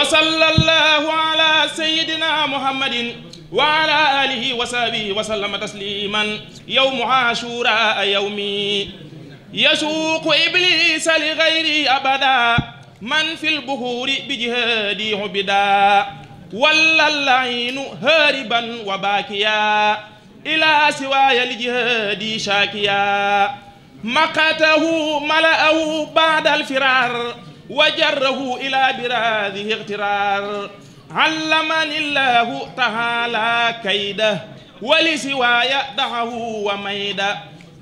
وصلى الله على سيدنا محمد وعلى آله وصحبه وسلم تسليما يوم عاشوراء يومي يسوق إبليس لغيري أبدا من في البحور بجهادي عبدا ولا العين هاربا وباكيا إلى سواي لجهادي شاكيا مقته ملأه بعد الفرار wa jarrahu ila biraadihi iqtiraar allamani illahu taala kayda wali siwaaya daxahu wa mayda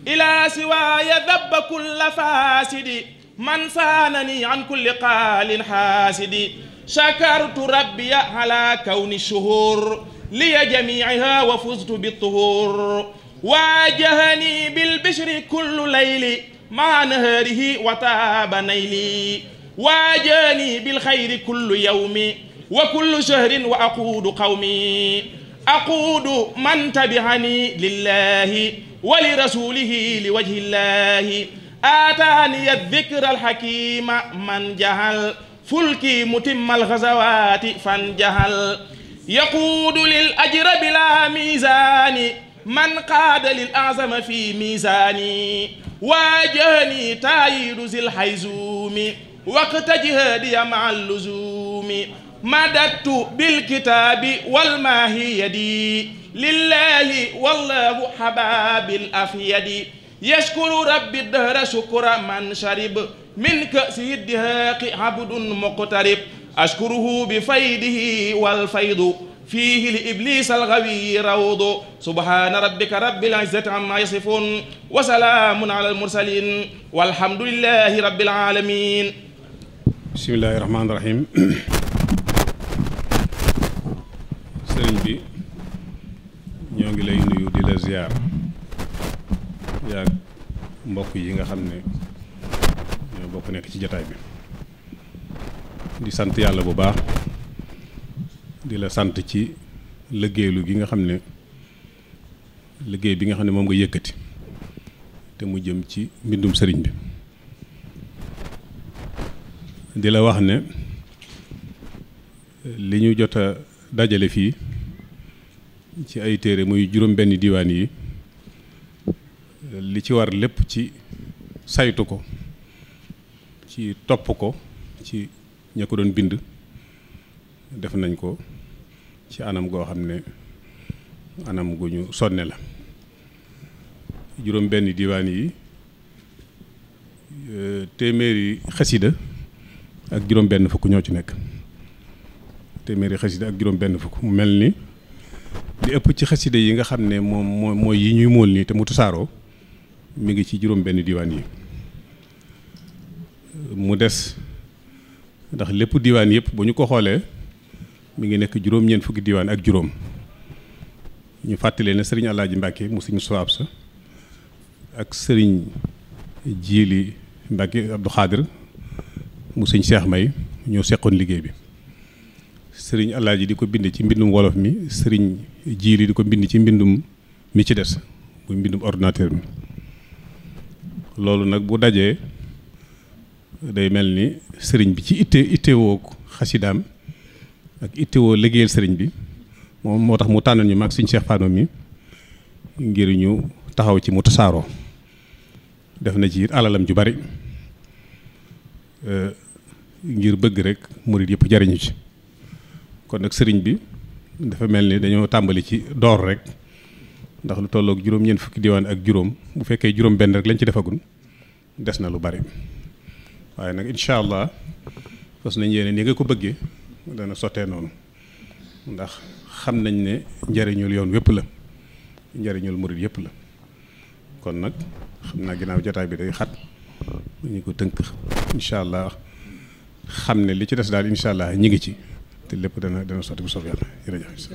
ila siwaaya dabba kulla faasidi man saanani an kulli qaalin xaasidi shakartu rabbiya ala kawni shuhur liya jamiiha wa fuztu bittuhur waajahani bilbishri kullu layli maa nahaarihi wa taaba nayli waajaani bilxayri kullu yawmi wa kullu shahrin wa aquudu qawmi aquudu man tabihani lillahi wa li rasulihi li wajhi llahi aataani adikra alxakima man jahal fulki mutimma alxazawaati fan jahal yaquudu lil ajra bila misaani man qaada lil azama fi misaani waajaani taayidu zil hayzuumi waqta jihaadiya ma alluzumi madattu bilkitaabi walmaahi yadi lillahi wallahu hababil afyadi yashkuru rabbi dahra shukra man sharib min kasi dihaaqi abdun muqtarib ashkuruhu bi faydihi walfaydu fiihi li iblis algawi rawdu subhaana rabbika rabbil izzati amma yasifun wa salaamun ala almursalin walhamdulillahi rabbil alamin bismillaahi rahmaani rahiim sëriñ bi ñoo ngi lay nuyu di la ziar yaag mbokk yi nga xam ne ñoo bokk nekk ci jataay bi di sant yàlla bu baax di la sant ci liggéeylu gi nga xam ne liggéey bi nga xam ne moom nga yëkkati te mu jëm ci mbindum sëriñ bi di la wax ne li ñu jot dajale fii ci ay téere muy juróom-benn diwaan yi li ci war lépp ci saytu ko ci topp ko ci ña ko doon bind def nañ ko ci anam goo xam ne anam gu ñu sonne la juróom-benn diwaan yi téeméeri xasida ak juróom-benn fukk ñoo ci nekk téeméeri xasida ak juróom-benn fukk mu mel ni li ëpp ci xasida yi nga xam ne moom mooy yi ñuy mool nii te mu tasaaroo mi ngi ci juróom-benn diwaan yi mu des ndax lépp diwaan yëpp bu ñu ko xoolee mu ngi nekk juróom-ñeent fukki diwaan ak juróom ñu fàttalee ne sëriñ Alaaji Mbàkke mu suñu sa ak sëriñ Jiili Mbàkke Abdou Xaadir mu sëñ Cheikh May ñoo seqoon liggéey bi sëriñ Alaaji di ko bind ci mbindum wolof mi sëriñ Jiili di ko bind ci mbindum mi ci des muy mbindum ordinateur mi loolu nag bu dajee day mel ni sëriñ bi ci itte ittewoo xasidaam ak ittewoo liggéeyal sëriñ bi moom moo tax mu tànnoon ñu mag suñu Cheikh Fano mi ngir ñu taxaw ci mu tasaaroo def na ci it alalam ju bari ngir bëgg rek murit yëpp jariñu ci kon nag sëriñ bi dafa mel ni dañoo tàmbali ci door rek ndax lu tollook juróom fukki diwaan ak juróom bu fekkee juróom benn rek lañ ci defagun des na lu bari waaye nag incha allah fas nañ yéene ni nga ko bëggee dana sottee noonu ndax xam nañ ne njariñul yoon wépp la njariñul murit yëpp la kon nag xam naa ginnaaw jotaay bi day xat ñu ko tënk incha allah xam ne li ci des daal incha allah ñu ngi ci te lépp dana dana sotti bu soobee yàlla jërëjëf.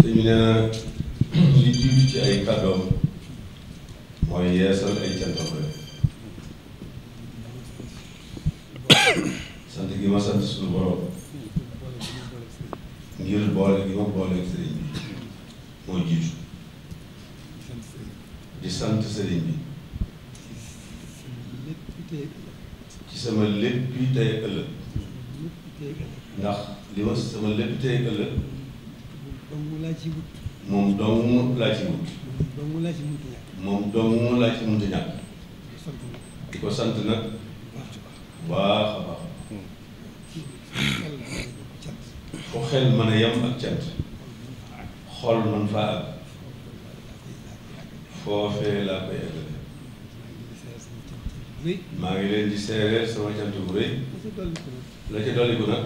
sëñ bi mooy yeesal ay cantam rek sant sant suñu bi. ci sama lépp bi tey ndax li ma sama lépp tey ëllëg moom dong laa ci wut moom dong laa ci mënta ñàkk di ko sant nag baax a baax xel mën a yem ak cant xol man faa ak foofee laa koy egg maa ngi leen di seereel sama cant bu rëy la ca dolliku nag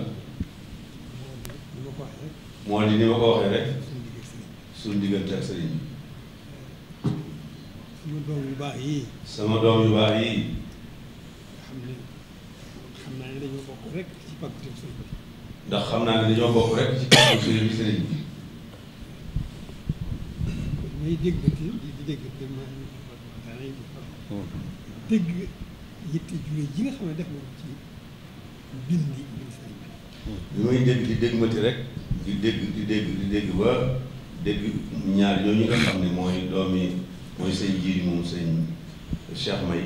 ni ma ko waxee rek suñu diggante ak sëriñ bi sama doom yu baax yii sama doom yu baax yii xam naa ne ci pàccu sëriñ bi ndax xam naa ne dañoo bokk rek yitte jure ji nga xam ne def na ko ci bindi bi. li dégg di dégg mati rek di dégg di dégg di dégg ba dégg ñaar ñooñu nga xam ne mooy doomi mooy sëñ jiir moom sëñ Cheikh May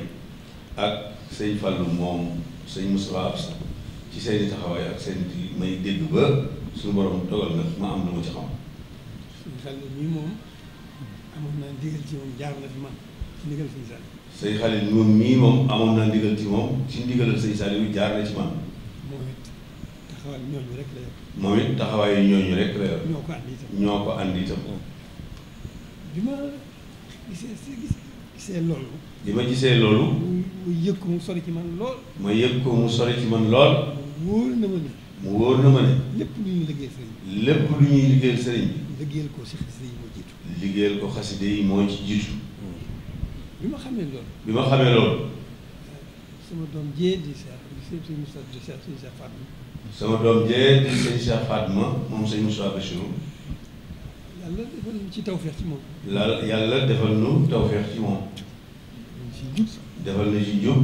ak sëñ Fallou moom sëñ Moustapha Absa ci seen i taxawaay ak seen i may dégg ba suñu borom dogal nag ma am lu ma ci xam. sëñ Fallou mii moom amoon naa ndigal ci moom jaar na fi man ci ndigal sëñ Sall. sëñ Xalil moom mii moom amoon naa ndigal ci moom ci ndigalal sëñ Saliou jaar na ci man. moom it taxawaayu ñooñu rek la yor. moom ñooñu rek ñoo ko andi itam ñoo ko oh. bi ma gisee gisee loolu. bi ma gisee loolu. mu yëg ko mu sori ci man lool. ma yëg ko mu sori ci man lool. wóor na ma ne. mu wóor na ma ne. lépp lu ñuy liggéeyal sëriñ lépp lu ñuy liggéeyal sëriñ liggéeyal ko si xasida yi moo jiitu. liggéeyal ko xasida yi moo ci jiitu. bi ma xamee loolu. bi ma xamee loolu. sama doom jee di seet di seet di seet suñu Cheikh sama doom jee di sëñ Cheikh Fatma moom sëñ Moussa Bachirou. yàlla defal nu ci tawféex ci moom. la yàlla defal nu tawféex ci moom. defal nu ci njub.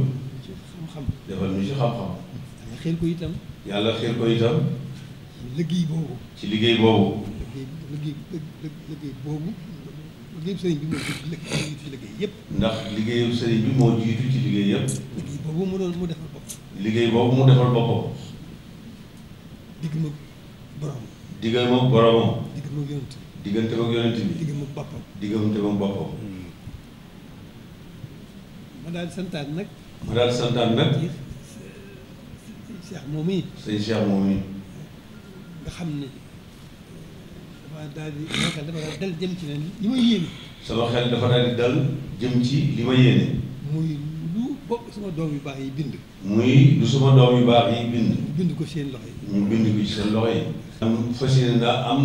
defal nu ci xam-xam. yàlla xeer ko itam. yàlla xeer ko itam. ci liggéey boobu. ci liggéey boobu. liggéey liggéey liggéey liggéeyu sëriñ bi moo jiitu ci liggéey yëpp. ndax liggéeyu sëriñ bi moo jiitu ci liggéey yëpp. liggéey boobu mu doon mu defal boppam. liggéey boobu mu defal boppam. digg bi. diggante ma yonent bi. digg ma boppam. diggante boppam. ma daal santaan nag. ma daal santaan nag. sëñ Cheikh moom yi. sëñ Cheikh moom yi. nga xam ne. daal di sama xel dafa dal jëm ci li ma yéene. sama xel dafa di dal jëm ci li ma yéene. muy lu bokk sama doom yu baax yi bind. muy lu sama doom yu baax yi bind. bind ko seen loxo yi. ñu bind ko ci seen loxo yi. am fas yéene am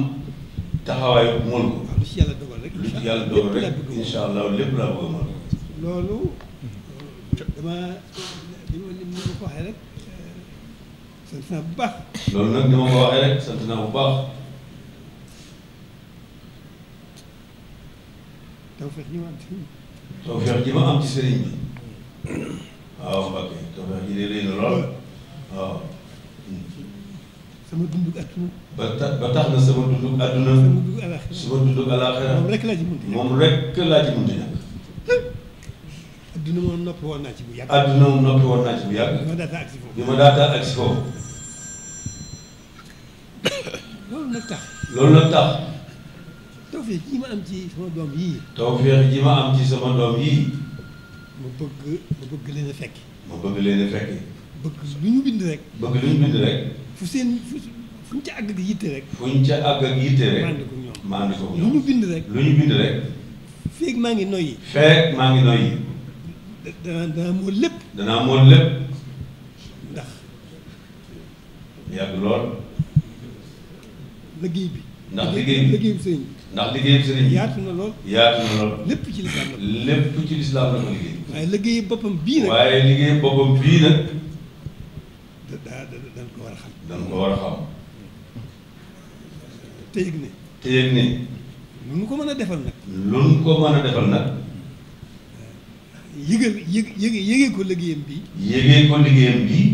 taxawaay mool ko. waaw lu ci yàlla dogal rek. lu yàlla dogal rek incha allah lépp laa bëgg a mën. loolu dama li ma li ma ko waxee rek eh, sant bu baax. loolu nag ni ma ko waxee rek sant bu baax. tawfeex ji ma am ci sëriñ bi. tawfeex ji ma am ci sëriñ bi waaw Mbacke tawfeex ji de rëy na lool waaw. sama dundu àdduna. ba tax ba tax na sama dundu àdduna. sama dundu alaaxira sama dundu alaaxira. moom rek laa ci munti ñàkk moom rek laa ci munti ñàkk. adduna moom noppi woon naa ci bu yàgg. adduna moom noppi woon naa ci bu yàgg. bi ma daataa agsi foofu bi ma daataa agsi foofu. loolu nag tax. loolu nag tax. tawféex ji ma am ci sama doom yii. tawféex ji ma am ci sama doom yii. ma bëgg ma bëgg leen a fekki. ma bëgg leen fekki. bëgg lu ñu bind rek. bëgg lu ñu bind rek. fu seen fu fuñ ca àgg ak yitte rek. fuñ ca àgg ak yitte rek. maandu ko ñoom maandu ko ñoom lu ñu bind rek. lu ñu bind maa ngi noyyi. feeg maa ngi noyyi. danaa mool lépp. danaa mool lépp. ndax. yàgg lool. liggéey bi. ndax liggéey bi liggéey ndax liggéey sëriñ bi yaatu na lool yaatu na lool lépp ci lislaam la ko liggéey waaye liggéey boppam bii nag waaye liggéey boppam bii nag da dañ ko war a xam dañ ko war a xam te ko mën a defal nag lu a defal nag yëgal ko liggéeyam bii yëgee ko liggéeyam bii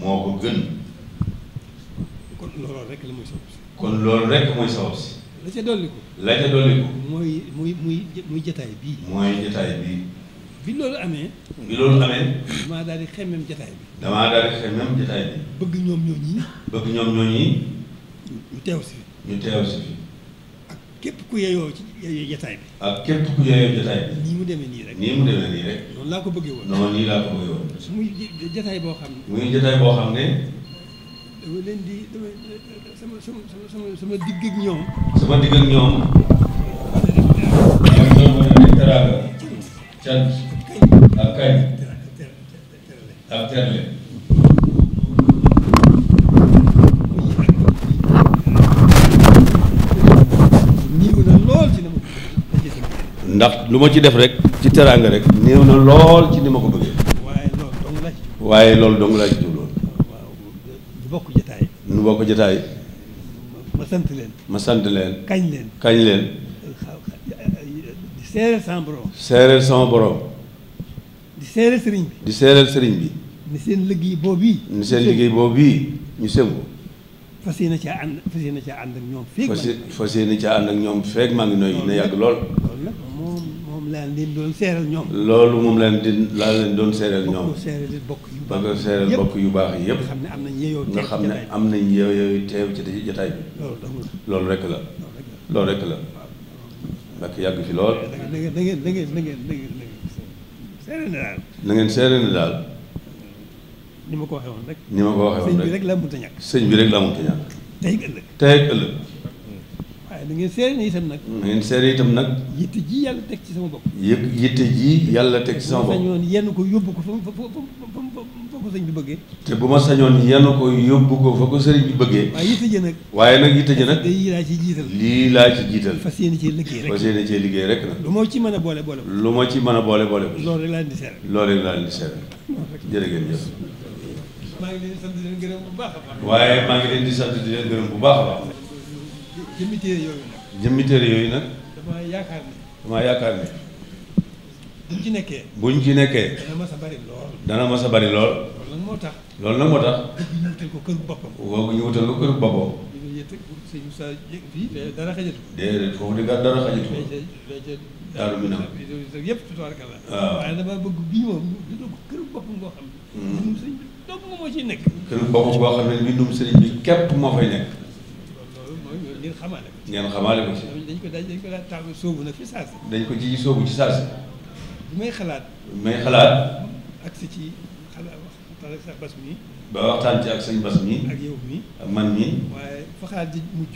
moo ko gën kon loolu rek la mooy sabab si kon loolu rek mooy sabab si la ca ko la ca dolliku. mooy muy muy muy jataay bii. mooy jataay bii. bi loolu amee. bi loolu amee. damaa daal di xemmem jataay bi. damaa daal bëgg ñoom ñooñi. bëgg ñoom ñooñi. ñu teew si ñu teew si ak képp ku yeyoo ci yeyoo jataay bi. ak képp ku yeyoo jataay bi. nii mu demee nii rek. nii mu demee nii rek. noonu laa ko bëggee woon. noonu nii laa ko bëggee woon. muy jataay boo xam ne. muy jataay boo xam ne. dama leen di dama sama sama sama sama ndax lu ma ci def rek ci teraanga rek néew na lool ci ni ma ko bëggee. waaye loolu dong la waaye loolu dong la ci. bokk jotaay. ma sant leen. ma sant leen. kañ leen kañ leen. di seereel sama borom. seereel sama borom. di seereel sëriñ bi. di seereel sëriñ bi. ni seen liggéey boobu ni seen liggéey boobu yi ñu sëngu. fas yéene caa ànd fas yéene caa ànd ak ñoom. feeg maa ngi fas yéene caa ànd ak ñoom feeg maa ngi nooy na yàgg lool. moom moom laa leen doon seeral ñoom. loolu moom laa leen di laa leen doon seeral ñoom. bokk seeral bokk yu baax yëpp seeral bokk yu baax yëpp. nga xam ne am na yeyoo teew nga xam ne am nañ yeyoo teew ci jotaay bi. loolu rek la loolu rek la. ndax yàgg fi lool. da ngeen da ngeen da ngeen da na ngeen seere na daal. ni ma ko waxee woon rek. ni ma ko sëñ bi rek laa mënta ñàkk. sëñ tey ëllëg. waaye da ngeen seere ne itam nag. da ngeen seere itam nag. yitte ji yàlla teg ci sama bopp. yë yitte ji yàlla teg ci sama bopp. yenn ko yóbbu ko fa fa fa ko sëriñ bi te bu ma sañoon yenn ko yóbbu ko fa ko sëriñ bi bëggee. waaye yitte ji nag. waaye nag yitte ji nag. lii laa ci jiital. lii laa ci jiital. fas yéene cee liggéey rek fas liggéey rek nag. lu ma ci mën a boole boole. lu ma ci a boole boole. loolu rek laa leen di seere. loolu rek laa leen di seere jërëjëf maa ngi bu baax jëmmi téere yooyu nag. jëmmi téere yooyu nag. damaa yaakaar ne. damaa yaakaar ne. buñ ci nekkee. buñ ci nekkee. dana mas a bari lool. dana mas a bari lool. loolu nag moo tax. loolu nag tax. ñu ko kër boppam. waaw ñu wutal ko kër boppam. xajatu ko. déedéet foofu di dara xajatu ko. daaru mi naan yëpp tubaarkalla. waaw waaye dama bëgg bii moom ñu dugg kër boppam boo xam ne. bindum hmm. sëriñ bi dong moo ciy nekk. kër boppam boo fay nekk. ngeen xamaale ko ngeen xamaale ko ci dañ ko dañ ko daan taamu sóobu nag fi saa si dañ ko ci sóobu ci saa si bu may xalaat bu may xalaat ak si ci xalaat waxtaan bas mi ba waxtaan ci ak sëñ bas mi ak yow mi ak man mi waaye fa xalaat di mujj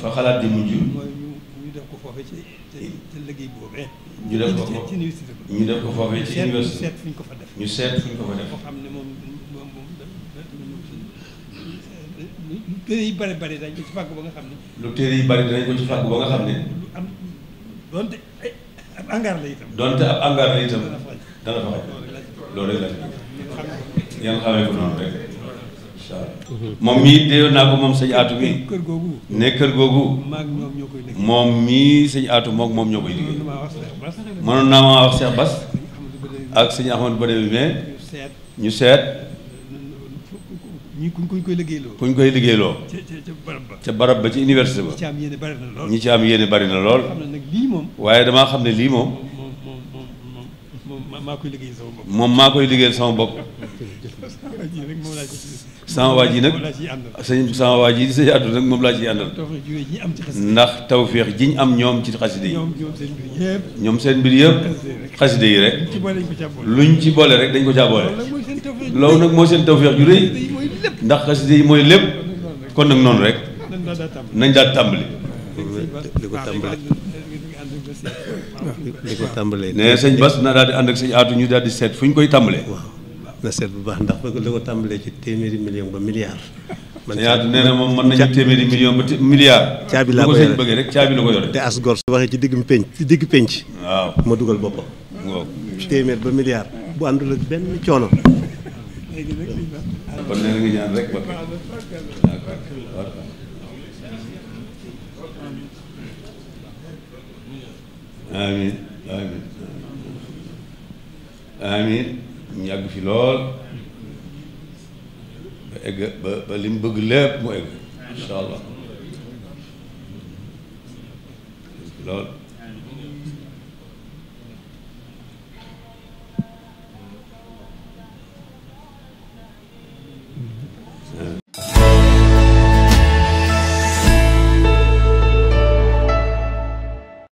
fa xalaat di mujj mooy ñu def ko foofee ci ci liggéey boobee ñu def ko ci université ñu def ko foofee ci université seet fuñ ko fa def ñu seet fuñ ko def xam ne moom lu téere yi bari dañ ko ci fàggu ba nga xam ne. lu téere yi bari dañ ko ci fàggu ba nga xam ne. lu am donte ay ab angaar la itam. donte ab angaar la itam dana fa xamee ko noonu rek moom mii dee naa ko moom sëñ aatu bi. kër googu ne kër googu. moom mii sëñ aatu moom moom ñoo koy liggéey. mënoon naa maa wax Cheikh Bass ak sëñ Ahmadou Badé bi mais ñu seet. ñi kuñ koy liggéeyloo. kuñ koy liggéeyloo. ca barab ba. ca barab ba ci université ba. ñi ci am yéene bari na lool. ñi ci na lool. waaye damaa xam ne lii moom. moom maa koy liggéeyal sama bopp. moom maa koy liggéeyal sama bopp. sama waa ji nag sëñ sama waa ji di sëñ àdduna nag moom laa ciy àndal. ndax tawféex ji ñu am ñoom ci xaside yi. ñoom seen mbir yëpp. xaside yi rek. ñu ci boole rek dañ ko caa boole. loolu nag moo seen tawféex ju ndax xasida yi mooy lépp kon nag noonu rek nañ daal tàmbali li ko tàmbali li ko tàmbalee nee sëñ Bas na daal di ànd ak sëñ Aatu ñu daal di seet fu ñu koy tàmbalee na seet bu baax ndax la ko tàmbalee ci téeméeri million ba milliard man ñaata nee na moom mën nañu téeméeri million ba milliard. caabi laa ko yore bu ko sëñ bëggee rek caabi la ko yore. te as gor su waxee ci digg penc ci digg penc. waaw ma dugal boppam. waaw téeméer ba milliard. bu àndul ak benn coono. kon nee na nga ñaan rek lool ba egg ba ba li mu bëgg lépp egg incha allah lool